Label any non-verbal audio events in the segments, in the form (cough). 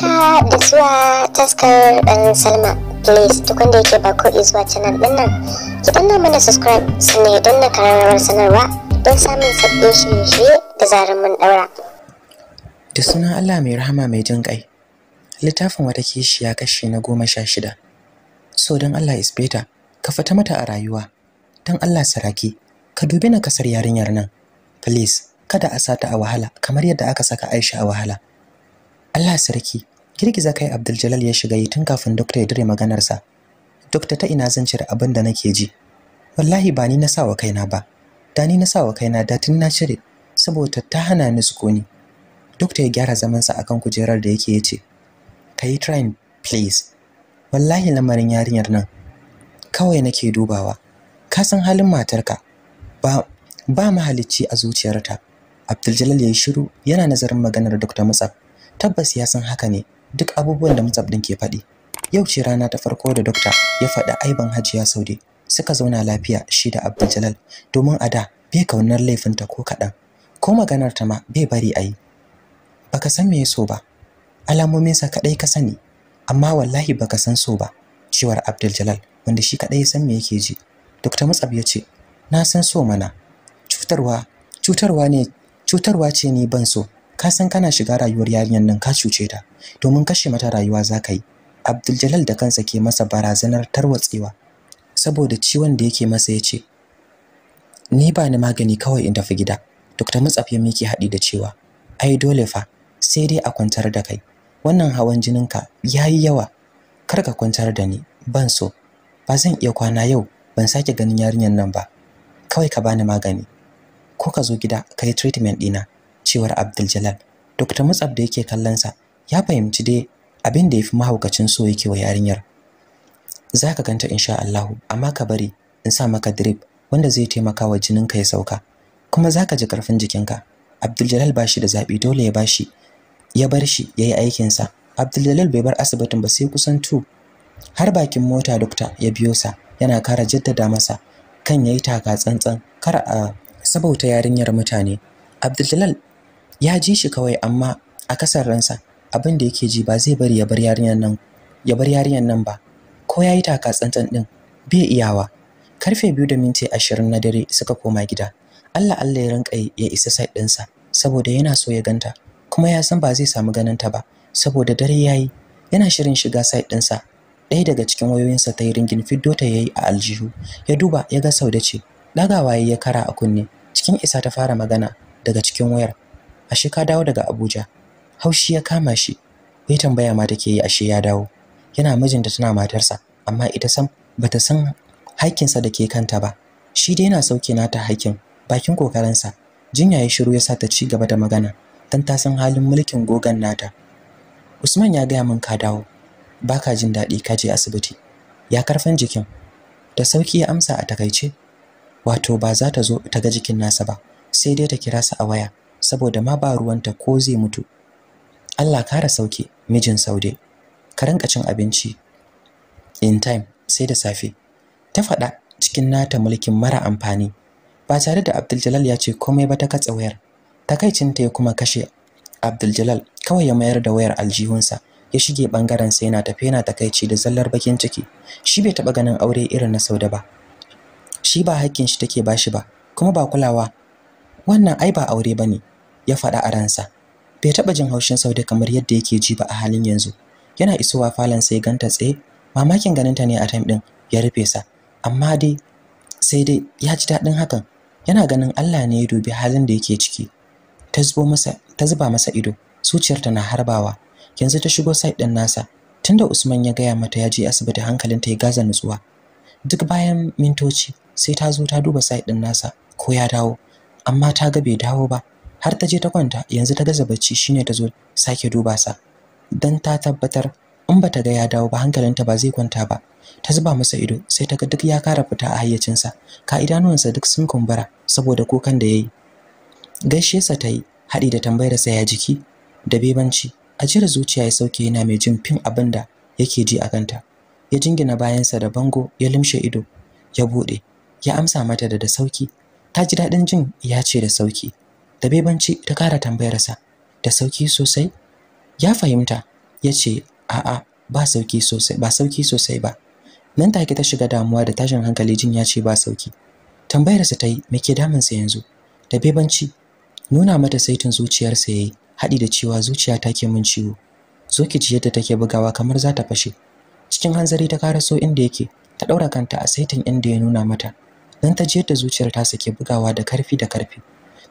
haka da zuwa taskar dan salma please duk wanda yake ba ko zuwa canal din nan ki danna mana subscribe sannan ya danna karamar sanarwa don samun sabbin shirye-shirye da zarar mun daura da sunan allah mai rahama mai jin kai littafin wata ya kashe na goma sha shida so don allah is better ka fita mata a rayuwa don allah saraki ka dubi na kasar yarinyar nan please kada a sata a wahala kamar yadda aka saka aisha a wahala Allah sarki girgiza kai Abdul ya shiga yi tun kafin dokta ya dire maganarsa dokta ta ina zan cire abin da nake ji wallahi ba ni na sawa kaina ba da ni na sawa kaina da tun na cire saboda ta hana ni sukuni dokta ya gyara zaman zamansa akan kujerar da yake yace kai try please wallahi lamarin yarinyar nan kawai nake dubawa ka san halin matarka ba ba mahalicci a zuciyarta Abdul ya yi shiru yana nazarin maganar Dr. Musab tabbas ya san haka ne duk abubuwan da Mutsab din ke faɗi. Yau ce rana ta farko da dokta ya faɗi aiban Hajiya Saude suka zauna lafiya shi da Abdul domin a da bai kaunar laifinta ko kaɗan. Ko maganar ta ma bai bari a yi. Baka san me ya so ba, alamominsa kaɗai ka sani, amma wallahi baka san so ba, cewar Abdul wanda shi kaɗai ya san me yake ji. Dokta Mutsab ya ce, na san so mana, cutarwa, cutarwa ne, cutarwa ce ni ban so, ka san kana shiga rayuwar yarinyar nan ka cuce ta domin kashe mata rayuwa za ka yi abdul da kansa ke masa barazanar tarwatsewa saboda ciwon da yake masa ya ce ni ba ni magani kawai in tafi gida Dokta mutsaf ya miki haɗi da cewa ai dole fa sai dai a kwantar da kai wannan hawan jininka ya yi yawa kar ka kwantar da ni ban so ba zan iya kwana yau ban sake ganin yarinyar nan ba kawai ka bani magani ko ka zo gida ka yi treatment ɗina cewar Abdul Jalal Dr. Mutsab da yake kallon sa ya fahimci dai abin da yafi mahaukacin so yake wa yarinyar zaka ganta insha Allah amma ka bari in sa maka drip wanda zai taimaka wa jininka ya sauka kuma zaka ji karfin jikinka Abdul Jalal shi da zabi dole ya bashi ya bar shi yayi aikin sa Abdul Jalal bai bar asibitin ba sai kusan tu. har bakin mota doctor ya biyo sa yana kara jaddada masa kan yayi taka tsantsan kar a sabauta yarinyar mutane Abdul ya ji shi kawai amma a kasar ransa abin da yake ji ba zai bari ya bar yarinyar nan ya bar yarinyar nan ba ko yayi taka tsantsan din bai iyawa karfe biyu da minti ashirin na dare suka koma gida Allah Allah ya rinka ya isa site ɗinsa saboda yana so ya ganta kuma ya san ba zai samu ganinta ba saboda dare yayi yana shirin shiga site ɗinsa ɗaya daga cikin wayoyinsa ta yi ringin fiddo ta yi a aljihu ya duba ya ga da ce ɗagawa ya kara a kunne cikin isa ta fara magana daga cikin wayar ashe ka dawo daga Abuja haushi ya kama shi ya tambaya ma take yi ashe ya dawo yana mijinta tana matarsa amma ita sam bata san haƙƙinsa da ke kanta ba shi dai yana sauke nata haƙƙin bakin kokarinsa jinya ya shiru ya sa ta ci gaba da magana dan ta san halin mulkin gogan nata Usman ya gaya min ka dawo baka jin daɗi ka je asibiti ya karfan jikin da sauki ya amsa a takaice wato ba za ta zo ta ga jikin nasa ba sai dai ta kira sa a waya saboda ma ba ruwanta ko zai mutu Allah kara sauke mijin saude ka rinka cin abinci in time sai da safe ta faɗa cikin nata mulkin mara amfani ba tare da Abdul ya ce komai ba ta katse wayar takaicinta ya kuma kashe Abdul Jalal kawai ya mayar da wayar aljihunsa ya shige bangaren sai yana tafe yana takaici da zallar bakin ciki shi bai taba ganin aure irin na Sauda ba shi ba hakkin shi take bashi ba kuma ba kulawa wannan ai ba aure bane ya faɗa a ransa bai taɓa jin haushin saude kamar yadda yake ji ba a halin yanzu yana isowa falon sai ganta tsaye mamakin ganinta ne a time ɗin ya rufe sa amma dai sai dai ya ji daɗin hakan yana ganin Allah ne ya dubi halin da yake ciki ta zubo masa ta zuba masa ido zuciyarta na harbawa yanzu ta shigo site ɗin nasa tunda Usman ya gaya mata ya je asibiti ta ya gaza nutsuwa duk bayan mintoci sai ta zo ta duba site ɗin nasa ko ya dawo amma ta ga bai dawo ba har ta je ta kwanta yanzu ta gaza bacci shine ta zo sake duba sa dan ta tabbatar in bata ga ya dawo ba hankalinta ba zai kwanta ba ta zuba masa ido sai ta ga duk ya kara fita a hayyacinsa ka idanuwansa duk sun kumbura saboda kokan da yayi gaishe sa ta yi haɗi da tambayar sa ya jiki da bebanci ajiyar zuciya ya sauke yana mai jin fim abinda da yake ji a kanta ya jingina bayansa da bango ya limshe ido ya bude, ya amsa mata da da sauki ta ji daɗin jin ya ce da sauki da bebanci ta kara tambayarsa da sauki sosai ya fahimta ya ce a'a ba sauki sosai ba sauki sosai ba nan take ta shiga damuwa da tashin hankali jin ya ce ba sauki tambayarsa ta yi me ke damunsa yanzu da bebanci nuna mata saitin zuciyarsa ya yi haɗi da cewa zuciya ta ke min ciwo zo ki ji yadda take bugawa kamar za ta fashe cikin hanzari ta karaso inda yake ta ɗaura kanta a saitin inda ya nuna mata dan ta ji yadda zuciyar ta sake bugawa da karfi da karfi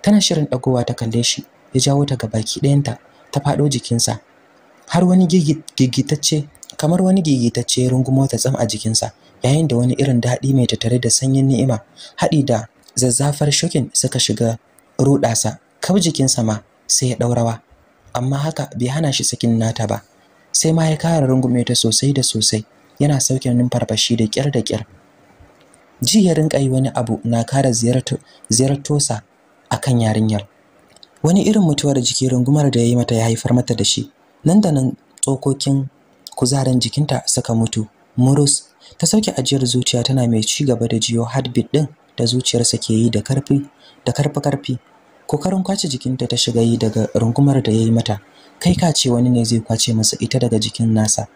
tana shirin dagowa ta kalle shi ya jawo ta ga baki ɗayanta ta faɗo jikinsa har wani gigitacce kamar wani gigitacce ya rungumo ta tsam a jikinsa yayin da wani irin daɗi mai tattare da sanyin ni'ima haɗi da zazzafar shokin suka shiga ruɗasa kaf jikinsa ma sai ya ɗaurawa amma haka bai hana shi sakin nata ba sai ma ya kara rungume ta sosai da sosai yana sauke numfarfashi da kyar da kyar. ji ya rinka yi wani abu na kara ziyartosa akan yarinyar wani irin mutuwar jiki rungumar da ya yi mata ya haifar mata da shi nan da nan tsokokin kuzarin jikinta suka mutu murus ta sauke ajiyar zuciya tana mai ci gaba da jiyo heartbeat din da zuciyarsa ke yi da karfi da karfi karfi kokarin kwace jikinta ta shiga yi daga rungumar da ya yi mata kai ka ce wani ne zai kwace masa ita daga jikin nasa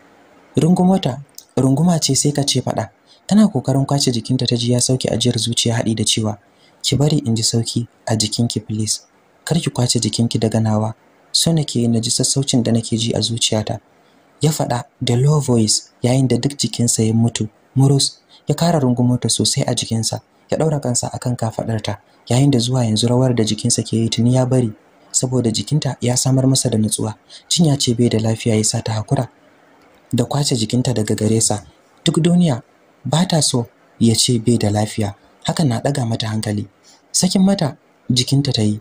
rungumata runguma ce sai ka ce faɗa tana kokarin kwace jikinta ta ji ya sauke ajiyar zuciya haɗi da cewa ki bari in ji sauki a jikinki please kar ki kwace jikinki daga nawa so nake na ji sassaucin da nake ji a zuciyata ya faɗa da low voice yayin da duk jikinsa ya mutu murus ya kara rungumota sosai a jikinsa ya ɗaura kansa akan kafaɗarta yayin da zuwa yanzu rawar da jikinsa ke yi tuni ya bari saboda jikinta ya samar masa da nutsuwa ya ce bai da lafiya ya sa ta hakura da kwace jikinta daga gare sa duk duniya ba ta so ya ce bai da lafiya hakan na ɗaga mata hankali sakin mata jikinta ta yi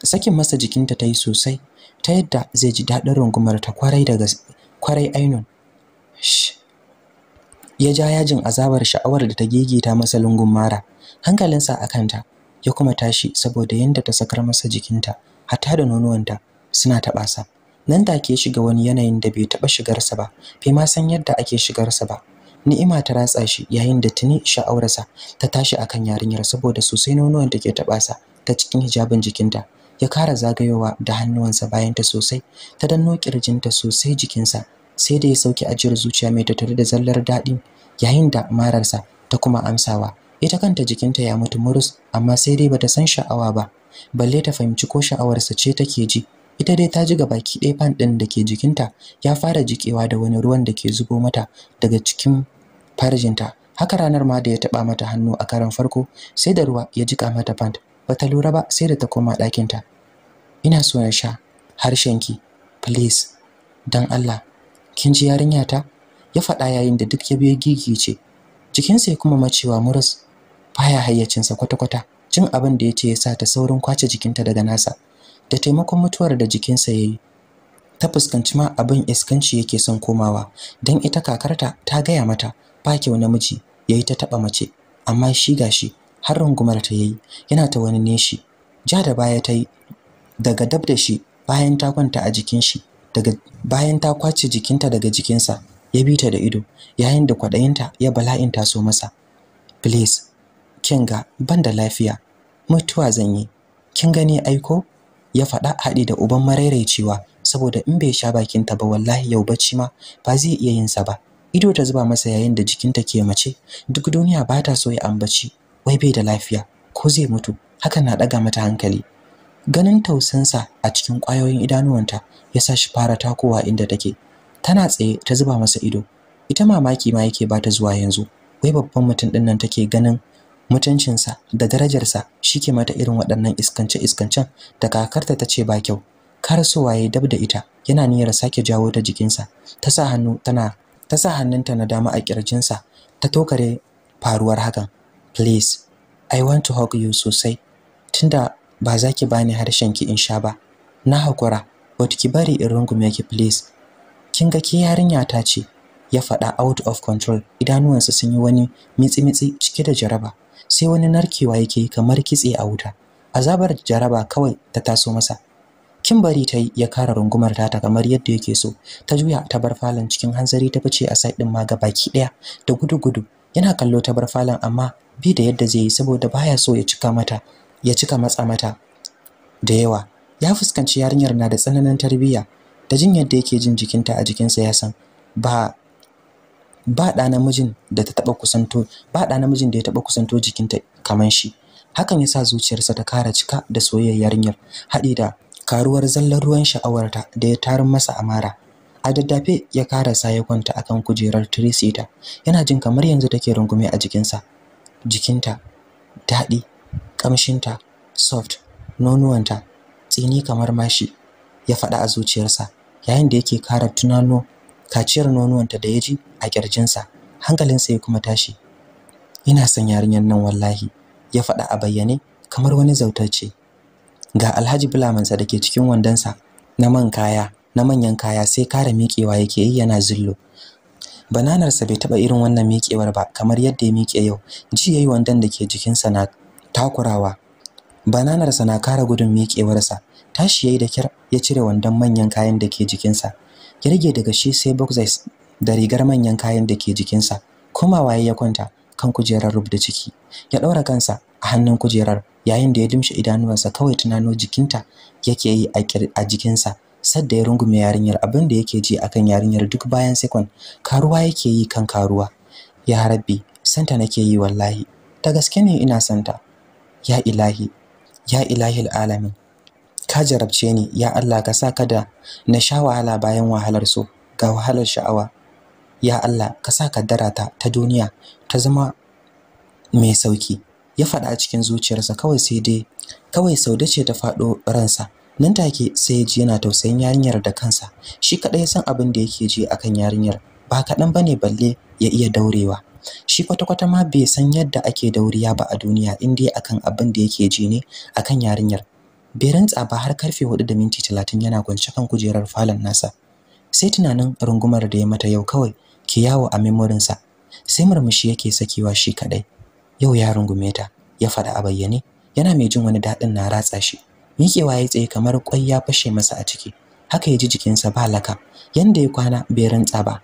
sakin masa jikinta ta yi sosai ta yadda zai ji daɗin rungumar ta kwarai daga kwarai ainun ya ja yajin azabar sha'awar da ta gegeta masa lungun mara hankalinsa a kanta ya kuma tashi saboda yadda ta sakar masa jikinta hatta da nonuwanta suna taɓa sa nan take shiga wani yanayin da bai taɓa shigarsa ba bai ma san yadda ake shigarsa ba ni'ima ta ratsa shi yayin da tuni sha'awarsa ta tashi akan yarinyar saboda sosai nonuwan take taɓa sa ta cikin hijabin jikinta ya kara zagayowa da hannuwansa bayan ta sosai ta danno kirjinta sosai jikinsa sai da ya sauke ajiyar zuciya mai tattare da zallar daɗi yayin da mararsa ta kuma amsawa ita kanta jikinta ya mutu murus amma sai dai bata san sha'awa ba balle ta fahimci ko sha'awarsa ce take ji ita dai ta ji ga baki ɗaya fan ɗin da ke jikinta ya fara jikewa da wani ruwan da ke zubo mata daga cikin farjinta haka ranar ma da ya taɓa mata hannu a karon farko sai da ruwa ya jiƙa mata fant bata lura ba sai da ta koma ɗakinta ina so na sha ki, please don Allah kin ji yarinya ta ya faɗa yayin da duk ya biyo gigi ce jikinsa ya kuma macewa muras baya hayyacinsa kwata-kwata Cin abin da ya ce ya sa ta saurin kwace jikinta daga nasa da taimakon mutuwar da jikinsa ya yi ta fuskanci ma abin iskanci yake son komawa don ita kakarta ta gaya mata ba kyau namiji ya yi ta taɓa mace amma shi gashi har rungumar ta yayi yana ta wani neshi ja da baya ta yi daga dab da shi bayan ta kwanta a jikin shi daga bayan ta kwace jikinta daga jikinsa ya bi ta da ido yayin da kwaɗayinta ya bala'in taso masa please kin ga ban da lafiya mutuwa zan yi kin gani aiko ya faɗa haɗi da uban cewa, saboda in bai sha bakinta ba wallahi yau bacci ma ba zai iya yin sa ba ido ta zuba masa yayin da jikinta ke mace duk duniya ba ta so ya ambaci wai bai da lafiya ko zai mutu hakan na ɗaga mata hankali ganin tausansa a cikin ƙwayoyin idanuwanta ya sa shi fara takowa inda take tana tsaye ta zuba masa ido ita mamaki ma yake ta zuwa yanzu wai babban mutum ɗin nan take ganin mutuncinsa da darajarsa shi ke mata irin waɗannan iskance-iskancen da kakarta ta ce ba kyau Kar su waye dab da ita yana niyyar sake jawo ta jikinsa ta sa hannu tana ta sa hannunta na dama a kirjinsa ta tokare faruwar hakan please i want to hug you sosai tunda ba za ki bani harshen ki in sha ba na hakura but ki bari in rungume ki please kin ga ki yarinya ta ce ya faɗa out of control idanuwansa sun yi wani mitsi-mitsi cike da jaraba sai wani narkewa yake kamar kitse a wuta azabar jaraba kawai ta taso masa Kimbari ta yi ya kara rungumar tata kamar yadda yake so ta juya ta bar falon cikin hanzari ta fice a side din ma baki daya da gudu-gudu yana kallo ta bar falon amma bi da yadda zai yi saboda baya so ya cika mata ya cika matsa mata da yawa ya fuskanci yarinyar na da tsananin tarbiyya da jin yadda yake jin jikinta a jikinsa ya san ba ba ɗa namijin da ta taɓa kusanto ba ɗa namijin da ya taɓa kusanto jikinta kamar shi hakan yasa zuciyarsa ta kara cika da soyayyar yarinyar haɗi da karuwar zallar ruwan sha'awarta da ya tarin masa amara a daddafe ya sa ya kwanta akan kujerar tresita yana jin kamar yanzu take rungume a jikinsa jikinta daɗi ƙamshinta soft nonuwanta tsini kamar mashi ya faɗa a zuciyarsa yayin da yake kara tunano kaciyar nonuwanta da ya ji a kirjinsa hankalinsa ya kuma tashi ina son yarinyar nan wallahi ya faɗa a bayyane kamar wani zautacce ga Alhaji Bulamansa dake cikin wandonsa na man kaya na manyan kaya sai kare miƙewa yake yi yana zillo bananarsa bai taɓa irin wannan miƙewar ba kamar yadda ya miƙe yau ji yayi wandon dake jikinsa na takurawa bananarsa na kara gudun miƙewarsa tashi yayi da kyar ya cire wandon manyan kayan da ke jikinsa ya rage daga shi sai boxers da rigar manyan kayan da ke jikinsa kuma waye ya kwanta kan kujerar rubda ciki ya ɗaura kansa a hannun kujerar yayin da ya dimshi idanuwansa kawai tunano jikinta yake yi a jikinsa sadda ya rungume yarinyar abin da yake ji akan yarinyar duk bayan sekon karuwa yake yi kan karuwa ya rabbi santa nake yi wallahi ta gaske ne ina santa ya ilahi ya ilahil alamin ka jarabce ni ya Allah ka sa kada na sha wahala bayan wahalar so ga wahalar sha'awa ya Allah ka sa kaddara ta ta duniya ta zama mai sauki ya faɗa a cikin zuciyarsa kawai sai dai kawai saude ce ta faɗo ransa nan take sai ya ji yana tausayin yarinyar da kansa shi kaɗai ya san abin da yake ji akan yarinyar ba kaɗan ba bane balle ya iya daurewa shi kwata-kwata ma bai san yadda ake dauriya ba a duniya in dai akan abin da yake ji ne akan yarinyar bai rantsa ba har karfe 4 da minti 30 yana kwance kan kujerar falon nasa sai tunanin rungumar da ya mata yau kawai ki yawo a memorinsa sai murmushi yake sakewa shi kadai yau ya rungume ta ya faɗa a bayyane yana mai jin wani daɗin na ratsa shi miƙewa ya tsaye kamar kwai ya fashe masa a ciki haka ya ji jikinsa ba laka yanda ya kwana bai rantsa ba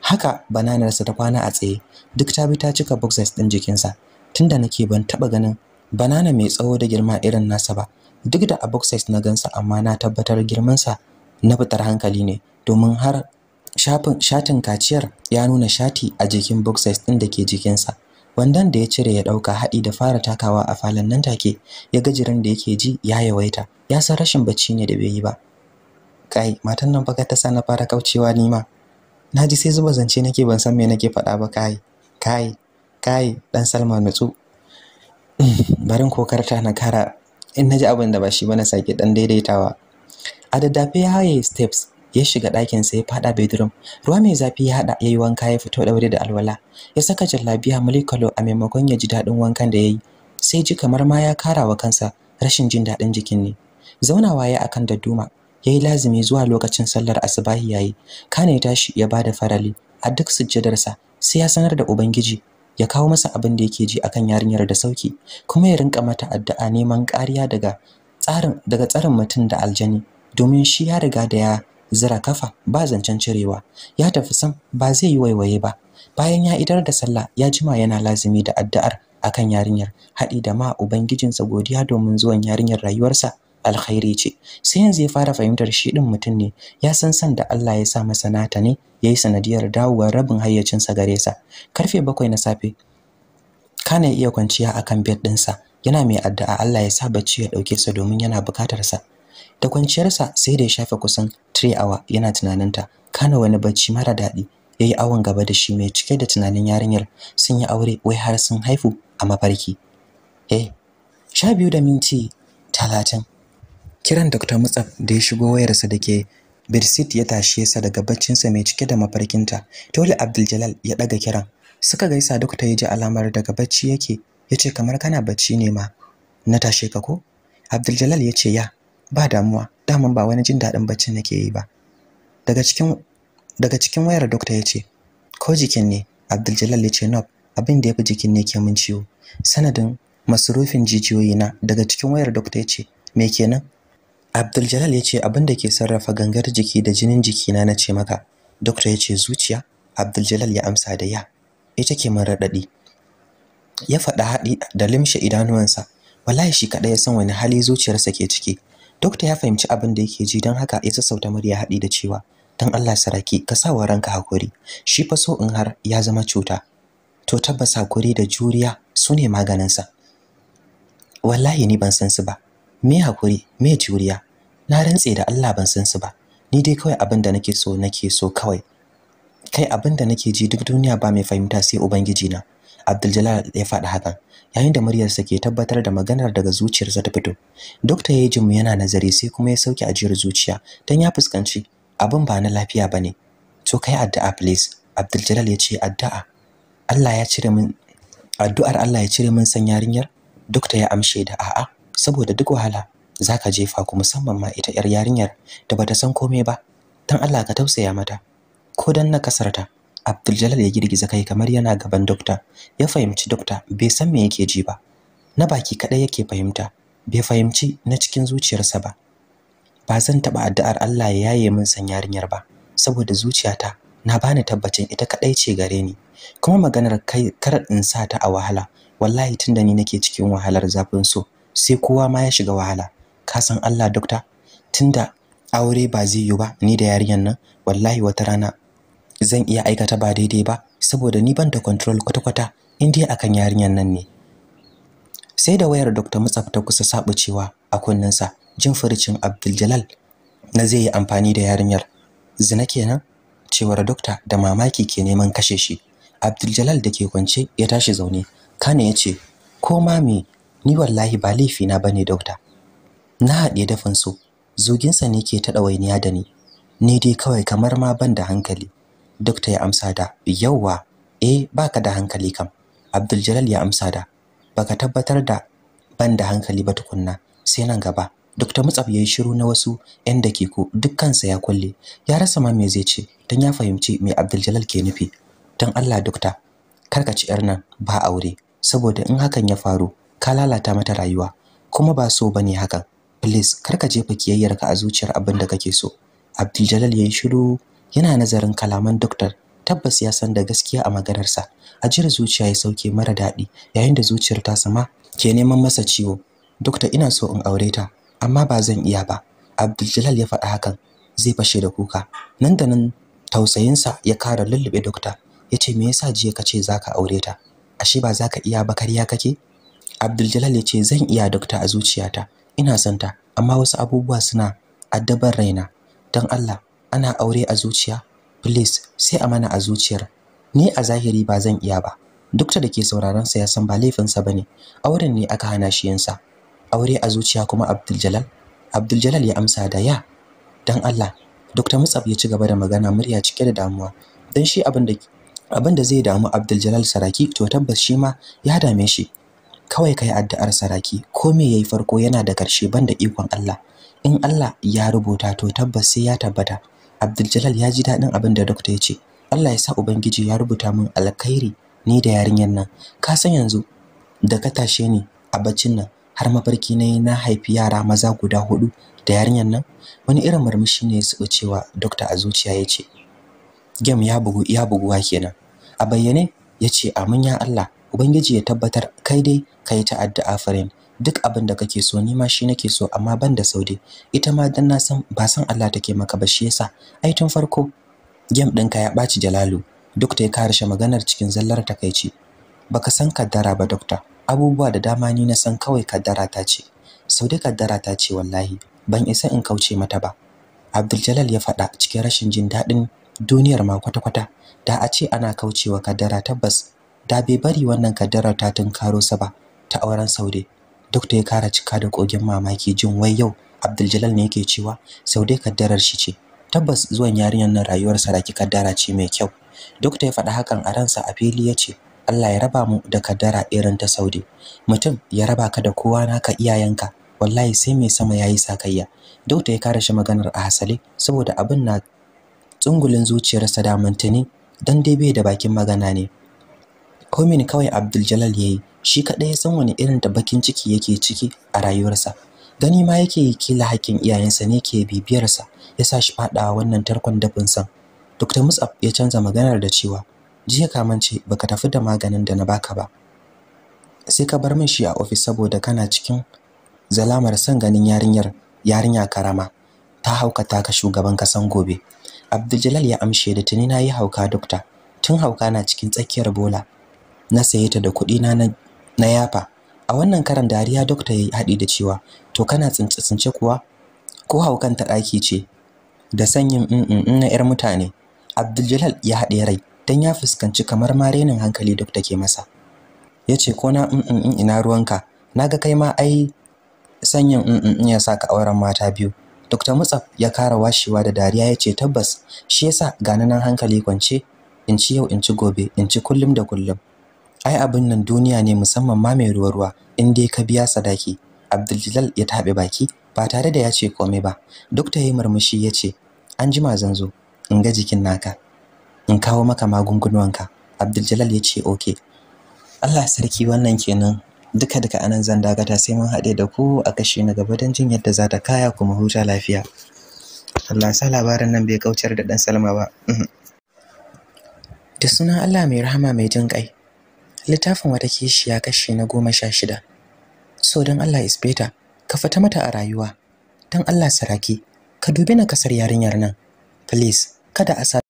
haka bananarsa ta kwana a tsaye duk ta bi ta cika boxes ɗin jikinsa tunda nake ban taɓa ganin banana mai tsawo da girma irin nasa ba duk da a boxes na gansa amma na tabbatar girmansa na fitar hankali ne domin har shafin shatin kaciyar ya nuna shati a jikin boxers ɗin da ke jikinsa wandan da ya cire ya ɗauka haɗi da fara takawa a falon nan take ya gajiran da yake ji ya yawaita ya san rashin bacci ne da bai yi ba kai matan nan baka ta sa na fara kaucewa ni ma na ji sai zuba zance nake ban san me nake faɗa ba kai kai kai dan salma nutsu (clears throat) barin kokarta na kara in naji abin da ba shi ba na sake dan daidaitawa a daddafe ya haye steps ya shiga ɗakin sa ya fada bedroom ruwa mai zafi ya hada yayi wanka ya fito daure da alwala ya saka jallabiya mulikalo a maimakon ya ji daɗin wankan da yayi sai ji kamar ma ya karawa kansa rashin jin daɗin jikin ne zaunawa ya akan dadduma yayi lazimi zuwa lokacin sallar asubahi yayi kana ya tashi ya bada farali a duk sujjadarsa sai ya sanar da ubangiji ya kawo masa abin da yake ji akan yarinyar da sauki kuma ya rinka mata addu'a neman kariya daga tsarin daga tsarin mutum da aljani domin shi ya riga da ya zira kafa ba zancen cirewa ya tafi sam ba zai yi waiwaye ba bayan ya idar da sallah ya jima yana lazimi da addu'ar akan yarinyar haɗi da ma ubangijinsa godiya domin zuwan yarinyar rayuwarsa alkhairi ce sai yanzu ya fara fahimtar shi din mutum ne ya san san da Allah ya sa masa nata ne yi sanadiyar dawowar rabin hayyacinsa gare sa karfe bakwai na safe kana iya kwanciya akan bed ɗinsa yana mai addu'a Allah ya sa bacci ya ɗauke sa domin yana bukatar sa da kwanciyarsa sai da ya shafe kusan 3 hour yana tunaninta kana wani bacci mara daɗi yayi awon gaba da shi mai cike da tunanin yarinyar sun yi aure wai har sun haifu a mafarki eh sha biyu da minti talatin kiran dr mutsaf da ya shigo wayarsa da ke birsit ya tashe sa daga baccinsa mai cike da mafarkinta tole abdul ya ɗaga kiran suka gaisa dokta ya ji alamar daga bacci yake ya ce kamar kana bacci ne ma na tashe ka ko abdul ya ce ya ba damuwa daman ba wani jin daɗin baccin nake yi ba daga cikin daga cikin wayar dokta ya ce ko jikin ne abdul ya ce nope abin da ya fi jikin ne ke min ciwo sanadin masurufin jijiyoyi na daga cikin wayar dokta ya ce me kenan abdul ya ce abin da ke sarrafa gangar jiki da jinin jiki na ce maka dokta ya ce zuciya abdul ya amsa da ya ita ke min raɗaɗi ya faɗa haɗi da limshe idanuwansa wallahi shi kaɗai ya san wani hali zuciyarsa ke ciki Dokta ya fahimci abin da yake ji don haka ya sassauta murya haɗi da cewa, "Don Allah saraki, ka sa wa ranka hakuri. Shi fa so in har ya zama cuta. To tabbas hakuri da juriya su ne maganinsa." Wallahi ni ban san su ba. Me hakuri, me juriya? Na rantse da Allah ban san su ba. Ni dai kawai abin da nake so nake so kawai. Kai abin da nake ji duk duniya ba mai fahimta sai Ubangiji na. Abdul ya faɗi hakan yayin da muryarsa ke tabbatar da maganar daga zuciyarsa ta fito. Dokta ya yi yana nazari sai kuma ya sauke ajiyar zuciya don ya fuskanci abin ba na lafiya ba ne. To kai addu'a please. Abdul ya ce addu'a. Allah ya cire min addu'ar Allah ya cire min san yarinyar. Dokta ya amshe da a'a saboda duk wahala zaka jefa ku musamman ma ita yar yarinyar da bata san komai ba. Dan Allah ka tausaya mata. Ko dan na kasarta AbdulJalal ya girgiza kai kamar yana gaban dokta. Ya fahimci dokta bai san me yake ji ba. Na baki kadai yake fahimta, bai fahimci na cikin zuciyarsa ba. Ba zan taba addu'ar Allah ya yaye min san yarinyar ba, saboda zuciyata na bani tabbacin ita kadai ce gare ni. Kuma maganar kai kar in sa ta a wahala. Wallahi tunda ni nake cikin wahalar zafin so, sai kowa ma ya shiga wahala. Ka san Allah dokta, tunda aure ba zai yi ba ni da yarinyar nan, wallahi wata rana zan iya aikata ba daidai ba saboda ni ban da control kwata-kwata in dai akan yarinyar nan ne sai da wayar Dr. Mutsaf ta kusa cewa a sa jin furucin Abdul na zai yi amfani da yarinyar zina kenan cewar dokta da mamaki ke neman kashe shi Abdul da ke kwance ya tashi zaune kana ya ce ko mami ni wallahi ba laifi na bane dokta na haɗe dafin so zuginsa ne ke ta ɗawainiya da ni ni dai kawai kamar ma ban da hankali Dokta ya amsa da yauwa eh baka da hankali kam. Abdul Jalal ya amsa da baka tabbatar da ban da hankali ba tukunna sai nan gaba. Dokta Mutsaf ya shiru na wasu 'yan dakiku dukkansa ya kulle ya rasa ma me zai ce don ya fahimci me Abdul Jalal ke nufi. Don Allah dokta ci 'yar nan ba aure saboda in hakan ya faru ka lalata mata rayuwa kuma ba so bane hakan please karka jefa kiyayyarka a zuciyar abin da kake so Abdul Jalal yayi shiru yana nazarin kalaman doktor tabbas ya san da gaskiya a maganarsa ajiyar zuciya ya sauke mara daɗi yayin da zuciyar ta sama ke neman masa ciwo doktor ina so in aure ta amma ba zan iya ba abdul ya faɗa hakan zai fashe da kuka nan da nan tausayinsa ya kara lullube doktor ya ce me yasa jiya ka ce za ka aure ta ashe ba za ka iya ba karya kake abdul ya ce zan iya doktor a zuciyata ina son ta amma wasu abubuwa suna addabar raina don allah ana aure a zuciya please sai a mana a zuciyar ni a zahiri ba zan iya ba duk da ke sauraron sa ya san ba laifinsa bane auren ne aka hana shi sa. aure a zuciya kuma Abdul Jalal ya amsa da ya dan Allah Dr. Mutsab ya ci gaba da magana murya cike da damuwa dan shi abin da abin da zai damu Abdul Saraki to tabbas shi ma ya dame shi kawai kai addu'ar Saraki ko me yayi farko yana da karshe banda ikon Allah in Allah ya rubuta to tabbas sai ya tabbata Abdul ya ji daɗin abin da dokta ya ce. Allah ya sa Ubangiji ya rubuta min alkhairi ni da yarinyar nan. Ka san yanzu da ka tashe ni a baccin nan har mafarki na yi na haifi yara maza guda hudu da yarinyar nan wani irin murmushi ne su cewa dokta a zuciya ya ce. Gem ya bugu ya buguwa kenan. A bayyane ya ce amin ya Allah Ubangiji ya tabbatar kai dai ka yi ta addu'a farin duk abin da kake so nima ma shi nake so amma ban da saude ita ma dan na san ba san Allah take maka ba shi yasa ai tun farko game ka ya baci Jalalu duk ta karshe maganar cikin zallar takaici baka san kaddara ba dokta abubuwa da dama ni na san kawai kaddara ta ce saudi kaddara ta ce wallahi ban isa in kauce mata ba Abdul Jalal ya faɗa cikin rashin jin daɗin duniyar ma kwata-kwata da a ce ana kaucewa kaddara tabbas da bai bari wannan kaddara ta tunkaro sa ba ta auren saude da ya kara cika da kogin mamaki jin wai yau Abdul ne yake cewa sau dai kaddarar shi ce. Tabbas zuwan yarinyar nan rayuwar raki kaddara ce mai kyau. da ya faɗi hakan a ransa a fili ya ce Allah ya raba mu da kaddara irin ta Saudi. Mutum ya raba ka da kowa naka iyayenka. Wallahi sai mai sama ya yayi sakayya. da ya kara shi maganar a hasale saboda abin na tsungulin zuciyarsa da mantani dan dai bai da bakin magana ne. Komin kawai Abdul Jalal yayi shi kaɗai ya san wani irin da bakin ciki yake ciki a rayuwarsa gani ma yake yi kila hakkin iyayensa ne ke bibiyarsa ya sa shi faɗawa wannan tarkon dafin san dr musab ya canza maganar da cewa jiya kamance baka tafi da maganin da na baka ba sai ka bar min shi a ofis saboda kana cikin zalamar san ganin yarinyar yarinya karama ta haukata ka shugaban kasan gobe abdul ya amshe da tuni na yi hauka dokta tun hauka na cikin tsakiyar bola na saye ta da kuɗi na na yafa a wannan karan dariya dokta yayi haɗi da cewa to kana tsince tsince kuwa ko haukan ta ɗaki ce da sanyin in na yar mutane Abdul ya haɗe rai dan ya fuskanci kamar marenin hankali dokta ke masa yace ko na in ina ruwanka naga kai ma ai sanyin in ya saka auren mata biyu Dr. Mutsaf ya kara washewa da dariya ya ce tabbas shi yasa gani nan hankali kwance in ci yau in ci gobe in ci kullum da kullum ai abin nan duniya ne musamman ma mai ruwa ruwa in dai ka biya sadaki Abdul ya taɓe baki ba tare da ya ce komai ba duk ta yi murmushi ya ce an jima zan zo in ga jikin naka in kawo maka magungunanka Abdul ya ce oke Allah sarki wannan kenan duka duka anan zan dagata sai mun haɗe da ku a kashe na gaba don jin yadda za ta kaya kuma huta lafiya Allah sa labarin nan bai kaucar da dan Salma ba (laughs) da sunan Allah mai rahama mai jin kai littafin wata kishiya kashi na goma sha shida so don Allah isbeta ka fita mata a rayuwa don Allah saraki ka dubi na kasar yarinyar nan please kada a sa